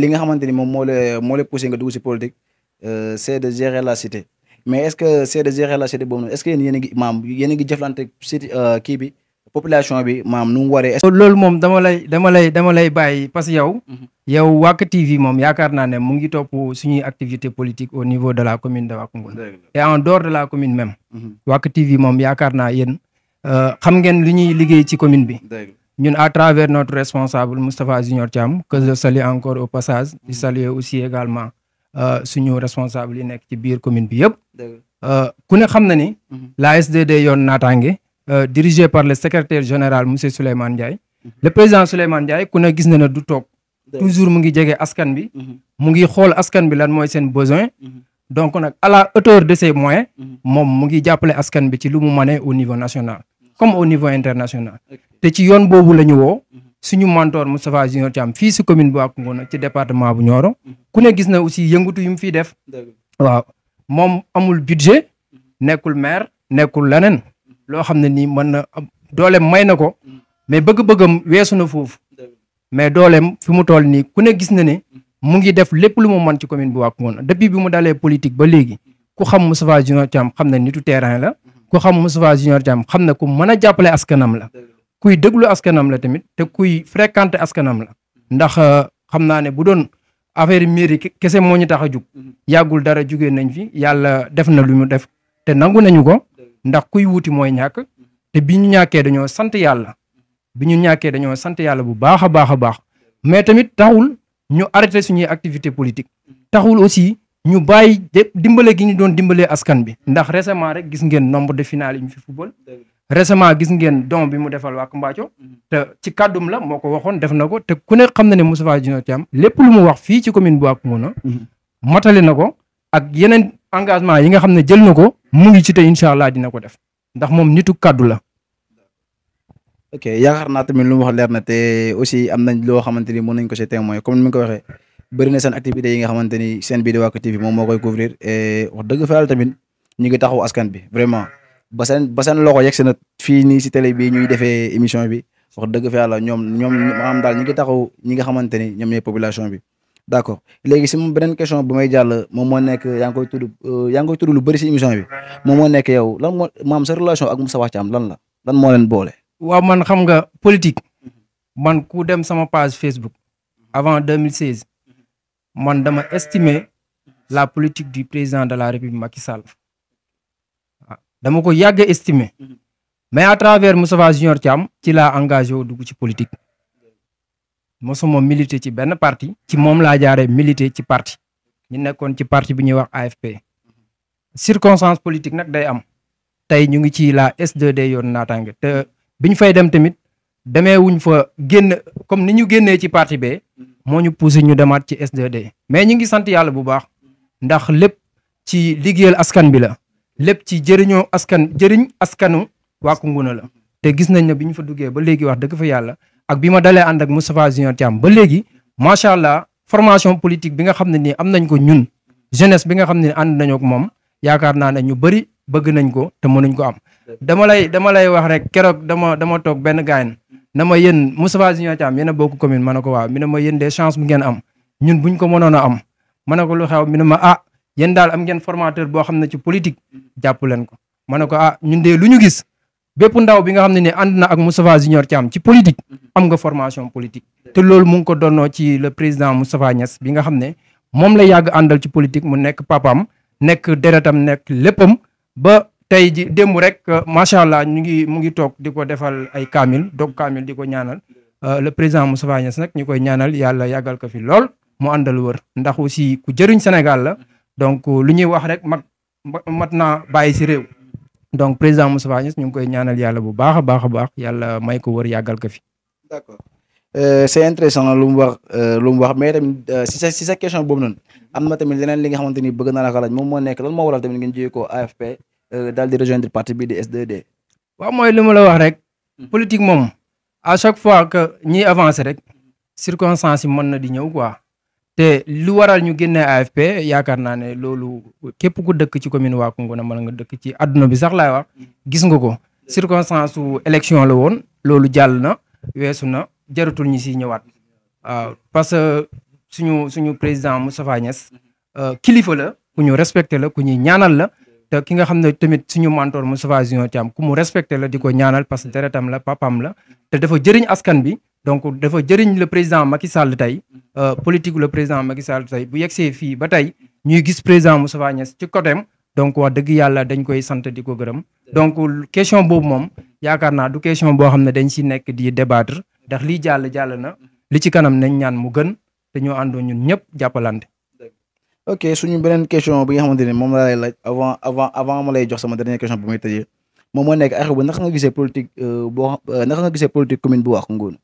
li nga xamante ni moom moo la moo la poussé nga dugg politique euh, c'est de gérer cité mais est-ce que c'est de gérer la cité boobu noonu est-ce que yéen yéen a ngi euh, bi population bi maam nu mu waree. loolu moom dama lay dama lay dama lay bàyyi parce que yow. Mhm. yow Wack TV moom yaakaar naa ne mu ngi topp suñuy activité politique au niveau de la commune de Wakungul et en dehors de la commune même. Mhm. Wack TV moom yaakaar naa yéen euh, xam ngeen lu ñuy liggéey ci commune bi. ñun à travers notre responsable Moustapha Junior Thiam que je salue encore au passage di saluer aussi également euh, suñu responsable yi nekk ci biir commune bi yëpp euh, ku ne xam na ni mhm. la SDD yon naataange euh, dirigé par le secrétaire général monsieur Souleymane Ndiaye mhm. le président Souleymane Ndiaye ku ne gis na ne du toog toujours mu ngi jege askan bi mhm. mu ngi xool askan bi lan mooy seen besoin donc nag à la hauteur de ses moyens moom mu ngi jàppale askan bi ci lu mu mane au niveau national comme au niveau international te ci yoon boobu la ñu woo suñu mentor Moustapha Junior Thiam fii si commune bu Akungona ci département bu Nioro ku ne gis na aussi yëngatu yu mu fiy def waaw moom amul budget nekkul maire nekkul leneen loo xam ne nii mën na dooleem may na ko mais bëgg-bëggam weesu na foofu mais dooleem fi mu toll nii ku ne gis na ne mu ngi def lépp lu mu mën ci commune bu Akungona depuis bi mu dalee politique ba léegi ku xam mu Moustapha Junior Thiam xam na nitu terrain la ku xam Moustapha Junior Thiam xam ne ku mën a jàppale askanam la kuy déglu askanam la tamit te kuy fréquenté askanam la ndax euh, xam naa ne bu doon affaire mairie kese moo ñu tax a jug mm-hmm. yàggul dara jugee nañ fi yàlla def na lu mu def te nangu nañu ko ndax kuy wuuti mooy ñàkk te bi ñu ñàkkee dañoo sant yàlla bi ñu ñàkkee dañoo sant yàlla bu baax a baax a baax mais tamit taxul ñu arrêté suñuy activité politique taxul aussi ñu bàyyi dimbale ki ñu doon dimbalee askan bi ndax récemment rek gis ngeen nombre de finale yi ñu fi football resement gis ngeen don bi mu defal waa Mbaaco mhm. te ci kàddum la moo ko waxoon def na ko te ku ne xam na ne Moustapha Junior Thiam lépp lu mu wax fi ci commune bu Wakuna mhm. matali na ko ak yeneen engagement yi nga xam ne jël na ko mu ngi ci te incha allah dina ko def ndax moom nitu kàddu la ok yaakaar naa tamit lu mu wax leer na te aussi am nañ loo xamante ni mën nañ ko ci témoin comme ni mu ko waxee bëri na seen activité yi nga xamante ni seen bii di Wack TV moom moo koy couvrir et wax dëgg fa yàlla tamit ñu ngi taxaw askan bi vraiment ba seen ba seen loxo yegg na fii nii si télé bi ñuy defee émission bi wax dëgg fa yàlla ñoom ñoom maanaam daal ñu ngi taxaw ñi nga xamante ni ñoom ñooy population bi d' accord léegi si moom beneen question bu may jàll moom moo nekk yaa ngi koy tudd euh, lu bari si émission bi moom moo nekk yow lan moo maam sa relation ak Moussa Wack Thiam lan la lan moo leen boole. waaw man xam nga politique man ku dem sama page Facebook avant man dama estimer la politique du président de la république Macky Sall ah, dama ko yàgg estimer mhm. mais à travers Moustapha Junior Thiam ci la engagé wu dugg ci politique mosuma milité ci benn partie ci moom laa jaaree milité ci partie ñu nekkoon ci partie bi ñuy wax AFP circonstance politique nag day am tey ñu ngi ci la S2D yoon naataange te biñ fay dem tamit demee wuñ fa génn comme ni ñu génnee ci parti bee mhm. moo ñu poussé ñu demaat ci SDD mais ñu ngi sant yàlla bu baax ndax lépp ci liggéeyal askan bi la lépp ci jëriñoo askan jëriñ askanu waa Koungheul la te gis nañ ne bi ñu fa duggee ba léegi wax dëgg fa yàlla ak bi ma dalee ànd ak Moustapha Junior Thiam ba léegi macha allah formation politique bi nga xam ne nii am nañ ko ñun jeunesse bi nga xam ne ànd nañoo ak moom yaakaar naa ne ñu bëri bëgg nañ ko te mënuñ ko am. dama lay dama lay wax rek keroog dama dama toog benn gaayen na ma yéen Moustapha Junior Thiam yéen a bokk commune ma ne ko waaw mi ne ma yéen des chance bu ngeen am ñun buñ ko monoon a am ma ne ko lu xew mi ne ma ah yéen daal am ngeen formateur boo xam ne ci politique jàpp leen ko ma ne ko ah, ñun de lu ñu gis bépp ndaw bi nga xam ne ne ànd na ak Moustapha Junior Thiam ci politique am nga formation politique te loolu mu ngi ko donnoo ci le président Moustapha Niass bi nga xam ne moom la yàgg àndal ci politique mu nekk papam nekk deretam nekk léppam ba tey ji démb rek euh, macha allah ñu ngi mu ngi toog di ko defal ay kaamil dog kaamil di ko ñaanal euh, le président Moustapha Niasse nag ñu koy ñaanal yàlla yàggal ko fi lool mu àndal war ndax aussi ku jëriñ Sénégal la donc euh, lu ñuy wax rek mag mat naa bàyyi si réew donc président Moustapha ñu ngi koy ñaanal yàlla bu baax a baax a baax yàlla may ko wër yàggal ko fi. d'accord c'est intéressant lu mu wax lu mu wax mais tamit si sa si sa question boobu noonu am na tamit leneen li nga xamante ni bëgg na la ko laaj moom moo nekk lan moo waral ko Euh, daal di de parti bi di S2D. waaw mooy li ma la wax rek. Hmm. politique moom à chaque fois que ñiy avancer rek circonstance yi mën na di ñëw quoi. te lu waral ñu génnee AFP yaakaar naa ne loolu képp ku dëkk ci commune waa Koungheul mën nga dëkk ci àdduna bi sax laay wax gis nga ko. circonstance su élection la woon loolu jàll na weesu na jaratul ñi si ñëwaat. parce que suñu suñu président Moustapha Niass hmm. euh, kilifa la ku ñu respecté la ku ñuy ñaanal la. te ki nga xam ne tamit suñu mentor Moustapha Junior Thiam ku mu respecté la di ko ñaanal parce que deretam la papam la te dafa jëriñ askan bi donc dafa jëriñ le président Macky Sall tey euh, politique le président Macky Sall tey bu yegsee fii ba tey ñuy gis président Moustapha Niass ci côtéem donc wax dëgg yàlla dañ koy sant di ko gërëm donc question boobu moom yaakaar naa du question boo xam ne dañ si nekk di débatre ndax lii jàll jàll na li ci kanam nañ ñaan mu gën te àndoon ñun ñëpp jàppalante ok suñu beneen question bi nga xamante ne moom laa lay laaj avant avant avant ma lay jox sama dernière question bu may tëjee moom moo nekk Akherbou naka nga gisee politique euh, boo euh, naka nga gisee politique commune bu Wack Ngouna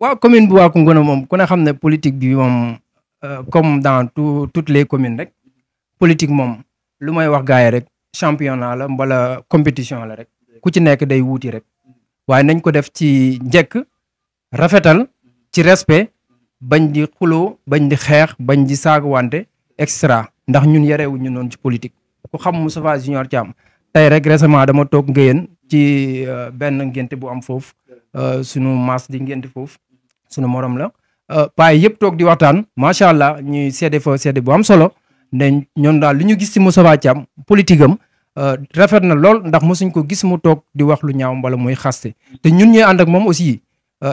waaw commune bu Wack Ngouna moom ku ne xam ne politique bi moom euh, comme dans tout toutes les communes rek politique moom lu may wax gars yi rek championnat la mbala compétition la rek ku ci nekk day wuuti rek waaye nañ ko def ci njëkk rafetal ci respect bañ di xuloo bañ di xeex bañ di saagwante extra ndax ñun yarewuñu noonu ci politique ku xam mu Moustapha Junior Thiam tey rek récemment dama toog nga ngéyeen ci euh, benn ngénte bu am foofu euh, sunu maas di ngénte foofu sunu morom la euh, paa yëpp toog di waxtaan macha allah ñuy seede fa seede bu am solo ne ñoom daal li ñu gis ci Moustapha Thiam politique am rafet na lool ndax mosuñ ko gis mu toog di wax lu ñaaw mbala muy xaste te ñun ñuy ànd ak moom aussi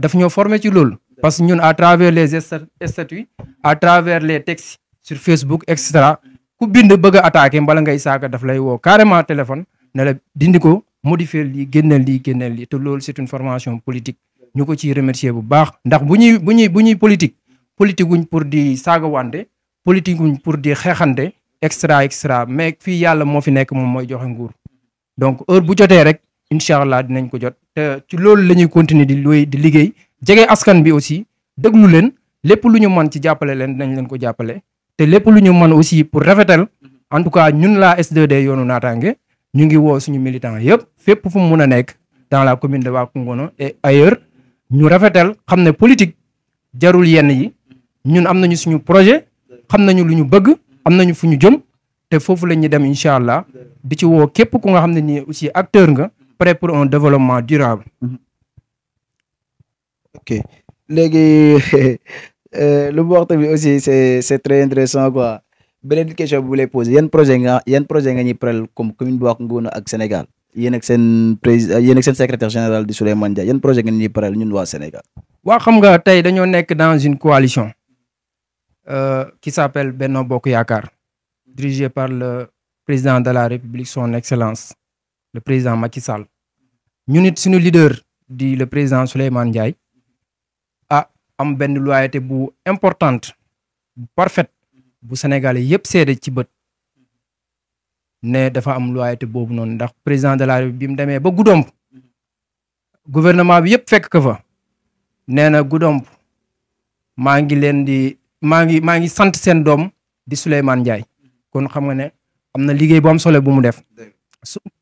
daf ñoo formé ci loolu parce que ñun à travers les statuts à travers les textes sur Facebook et cetera ku bind bëgg a attaqué mbala ngay saaga daf lay woo carrément téléphone ne la dindi ko modifier lii génneel lii génneel lii te loolu c'est une formation politique ñu ko ciy remercier bu baax ndax bu ñuy bu ñuy bu ñuy politique politique wuñ pour di saaga wande politique wuñ pour di xeexande extra extra mais fii yàlla moo fi nekk moom mooy joxe nguur donc heure bu jotee rek incha allah dinañ ko jot te ci loolu la ñuy continuer di luy di liggéey jege askan bi aussi déglu leen lépp lu ñu mën ci jàppale leen dinañ leen ko jàppale te lépp lu ñu mën aussi pour rafetal mhm. en tout cas ñun la s yoonu naataange ñu ngi woo suñu militant yëpp fépp fu mu mun a nekk dans la commune de waa Wakungono et ailleurs ñu rafetal xam ne politique jarul yenn yi ñun am nañu suñu projet xam nañu lu ñu bëgg am nañu fu ñu jëm te foofu la ñuy dem incha allah di ci woo képp ku nga xam ne nii aussi acteur nga prêt pour un développement durable. Mhm. léegi lu mu wax bi aussi c'est c'est très intéressant quoi beneen question bu lay poser yan projet nga yan projet nga ñuy pral comme commune bu ak Ngouna ak Sénégal yéen ak seen président euh, yéen ak seen général di Souleymane Dia yan projet nga ñuy pral ñun waa Sénégal. waa xam nga tey dañoo nekk dans une coalition euh, qui s'appelle Benno Bokk Yaakaar dirigée par le président de la République son excellence le président Macky Sall ñun it suñu leader di le président Souleymane Ndiaye am benn loyauté bu importante bu parfaite bu sénégalais yëpp seede ci bët ne dafa am loyauté boobu noonu ndax président de la République bi mu demee ba Goudomp gouvernement bi yëpp fekk ko fa nee na Goudomp maa ngi leen di maa ngi maa ngi sant seen doom di Souleymane Ndiaye kon xam nga ne am na liggéey bu am solo bu mu def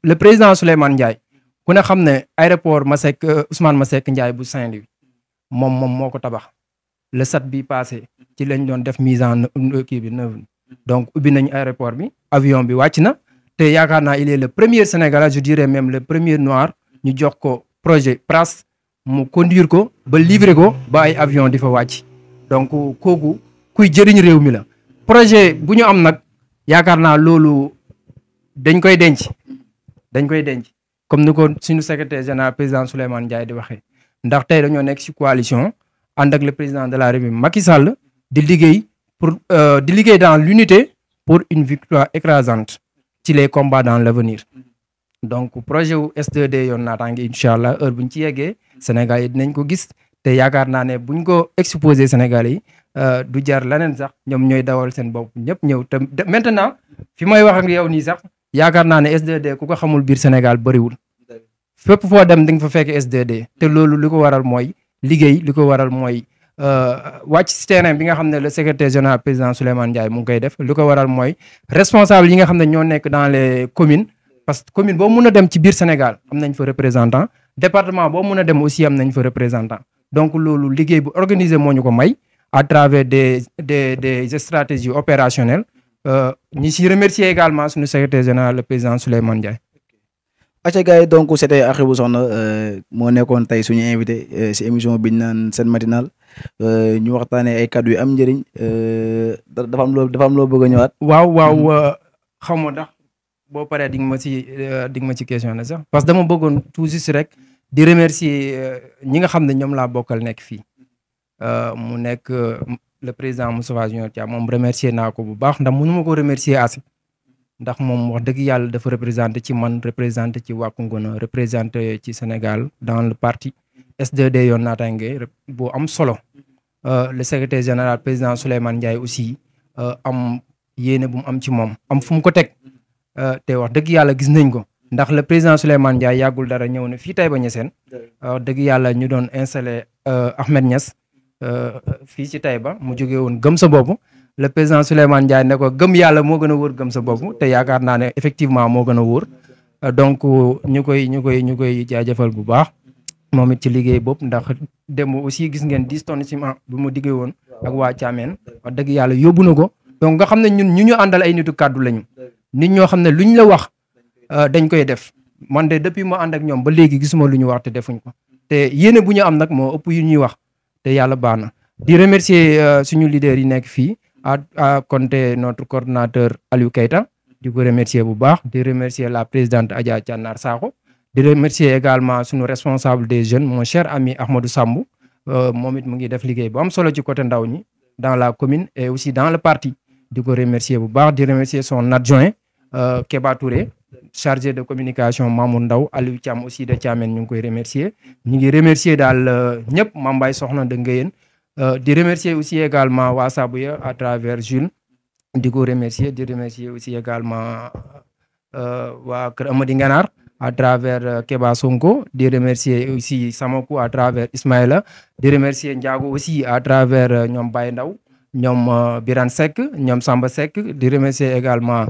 le président Souleymane Ndiaye ku ne xam ne aéroport Masseck euh, ma sekk njaay bu Saint-Louis moom moom moo ko tabax le sat bi passé ci lañ doon def mise en kii bi neuf donc ubbi nañ aéroport bi avion bi wàcc na te yaakaar naa il est le premier sénégalais je dirais même le premier noir ñu jox ko projet PRAS mu conduire ko ba livrer ko ba ay avion di fa wàcc donc kooku kuy jëriñ réew mi la projet bu ñu am nag yaakaar naa loolu dañ koy denc dañ koy denc comme ni ko suñu secrétaire général président Souleymane Ndiaye di waxee ndax tey dañoo nekk ci coalition ànd ak président de la République Macky Sall di liggéey pour euh, di liggéey dans l'unité pour une victoire écrasante ci les combats dans l'avenir donc projet wu SDD yoon naataange incha allah heure bu ñu ci yeggee Sénégal yi dinañ ko gis te yaakaar naa ne buñ ko exposé Sénégal yi euh, du jar leneen sax ñoom ñooy dawal seen bopp ñëpp ñëw te maintenant fi may wax ak yow nii sax yaakaar naa ne SDD ku ko xamul biir Sénégal bëriwul. fépp foo dem di nga fa fekk SDD te loolu li ko waral mooy liggéey li ko waral mooy euh, wàcc si terrain bi nga xam ne le secrétaire général président Souleymane Ndiaye mu ngi koy def li ko waral mooy responsable yi nga xam ne ñoo nekk dans les commune parce que commune boo mun a dem ci biir Sénégal am nañ fa représentant département boo mun a dem aussi am nañ fa représentant donc loolu liggéey bu organiser moo ñu ko may à travers des des des stratégies opérationnelles euh, ñu si remercier également suñu secrétaire général le président Souleymane Ndiaye acca gars yi donc c'était Arxibou Soxna euh, moo nekkoon tey suñu invité euh, si émission bi ñu naan seen matinal euh, ñu waxtaanee ay kàddu yu am njëriñ dafa am loo dafa am loo bëgg a ñëwaat. waaw waaw mm-hmm. xaw ma ndax boo paree di nga ma ci di nga ma ci question na sax parce que dama bëggoon tout juste rek di remercier ñi nga xam ne ñoom laa bokkal nekk fii mu nekk le président Moussa Junior Dia moom remercier naa ko bu baax ndax ma ko remercier assez. ndax moom wax dëgg yàlla dafa représenté ci man représenté ci Wack Ngouna représenté ci Sénégal dans le parti SDD yoon naataange bu am solo euh, le secrétaire général président Souleymane Ndiaye aussi euh, am yéene bu mu am ci moom am fu mu ko teg euh, te wax dëgg yàlla gis nañ ko ndax le président Souleymane Ndiaye yàggul dara ñëw na fii Taïba Niassène wax dëgg yàlla ñu doon installé Ahmed Niass fii ci Taïba mu jógee woon gëm sa bopp le président Souleymane Ndiaye ne ko gëm yàlla moo gën a wóor gëm sa bopp te yaakaar naa ne effectivement moo gën a wóor euh, donc ñu koy ñu koy ñu koy jaajëfal bu baax moom it ci liggéey bopp ndax démb aussi gis ngeen dix tonnes bu mu diggee woon ak waa Thiamène wax dëgg yàlla yóbbu na ko donc nga xam ne ñun ñu ñu àndal ay nitu kàddu lañu nit ñoo xam ne lu ñu la wax euh, dañ koy def man de depuis ma ànd ak ñoom ba léegi gisuma lu ñu wax te defuñ ko te yéene bu ñu am nag moo ëpp yu ñuy wax te yàlla baax na di remercier euh, suñu leader yi nekk fii à, à compter notre coordinateur Aliou Keita di ko remercier bu baax di remercier la présidente Adja Thianar saako di remercier également suñu responsable des jeunes mon cher ami Ahmadou Sambou euh, moom it mu ngi def liggéey bu am solo ci côté ndaw ñi dans la commune et aussi dans le parti di ko bu baax di remercier son adjoint euh, Keba Touré chargé de communication Mamour Ndaw Aliou Thiam aussi de Thiamène ñu ngi koy remercier ñu ngi remercier daal euh, ñëpp Mambay Soxna de Ngéyeen Euh, di remercier aussi également waa Sabuya à travers Jules di ko remercier di remercier aussi également euh, waa Kër Amady Ngenaar à travers euh, Keba Sonko di remercier aussi Samaku à travers Ismaïla di remercier Ndiago aussi à travers ñoom Baye Ndaw ñoom Birane Seck ñoom Samba Seck di remercier également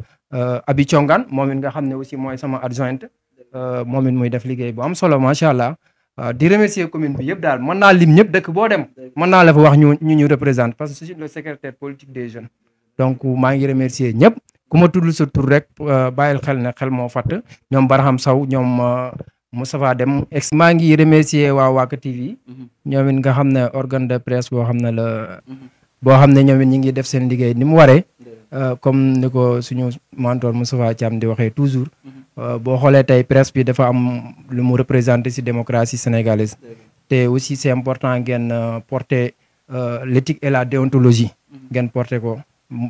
Abi Thiongane moom it nga xam ne aussi mooy sama adjointe moom it muy def liggéey bu am solo macha allah. waaw di remercier commune bi yëpp daal mën naa lim ñëpp dëkk boo dem mën naa la fa wax ñu ñu ñu représente parce que je suis le secrétaire politique des jeunes donc maa ngi remercier ñëpp ku ma tudd sa tur rek euh, bàyyil xel ne xel moo fatt ñoom Barham saw ñoom euh, Moustapha Dem ex maa ngi remercier waa Waaka TV mhm. ñoom it nga xam ne organe de presse boo xam ne la mhm. boo xam ne ñoom it ñi ngi def seen liggéey ni mu waree Euh, comme ni ko suñu mentor Moustapha Thiam di waxee toujours mhm. euh, boo xoolee tey presse dafa am lu mu représenté ci démocratie sénégalaise te aussi c'est important ngeen euh, porter l'éthique et la déontologie mhm. ngeen porter ko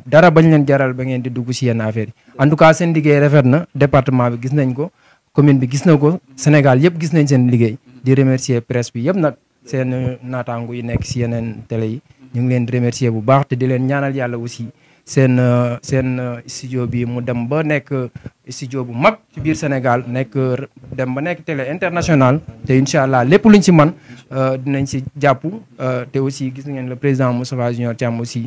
dara bañ leen jaral ba ngeen di dugg yenn affaires yi en tout cas seen liggéey rafet na département bi gis nañ ko commune bi gis na ko Sénégal yëpp gis nañ seen liggéey mhm. di remercier presse bi yëpp nag seen naataangu yi nekk si yeneen télé yi ñu ngi leen di remercier bu baax te di leen ñaanal yàlla aussi seen euh, seen euh, studio bi mu dem ba nekk studio bu mag ci biir Sénégal nekk dem ba nekk télé international te incha allah lépp luñ si man euh, dinañ si jàpp te aussi gis na ngeen le président Moustapha Junior Thiam aussi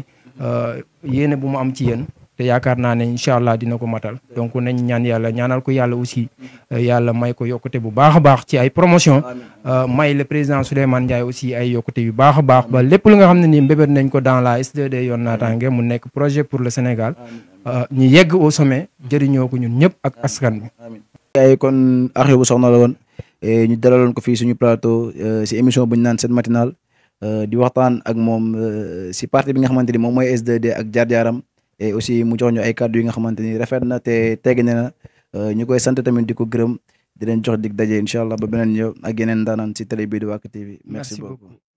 yéene bu mu am ci yéen te yaakaar naa ne incha allah dina ko matal donc nañ ñaan yàlla ñaanal ko yàlla aussi euh, yàlla may ko yokkute bu baax a baax ci ay promotion euh, may le président Souleymane Ndiaye aussi ay yokkute yu baax a baax ba lépp lu nga xam ne nii mbébét nañ ko dans la S2D mu nekk projet pour le Sénégal euh, ñu yegg au sommet jëriñoo ko ñun ñëpp ak askan bi yaay kon axi bu soxna la e ñu dalaloon ko fii suñu plateau si émission bu ñu naan seen matinal di waxtaan ak moom si parti bi nga xamante ni moom mooy s 2 et aussi mu jox ñu ay kàddu yi nga xamante ni rafet na te tegg na euh, ñu koy sant tamit di ko gërëm di leen jox dig daje incha allah ba beneen ñëw ak yeneen daanaan si télé bii di Wack merci beaucoup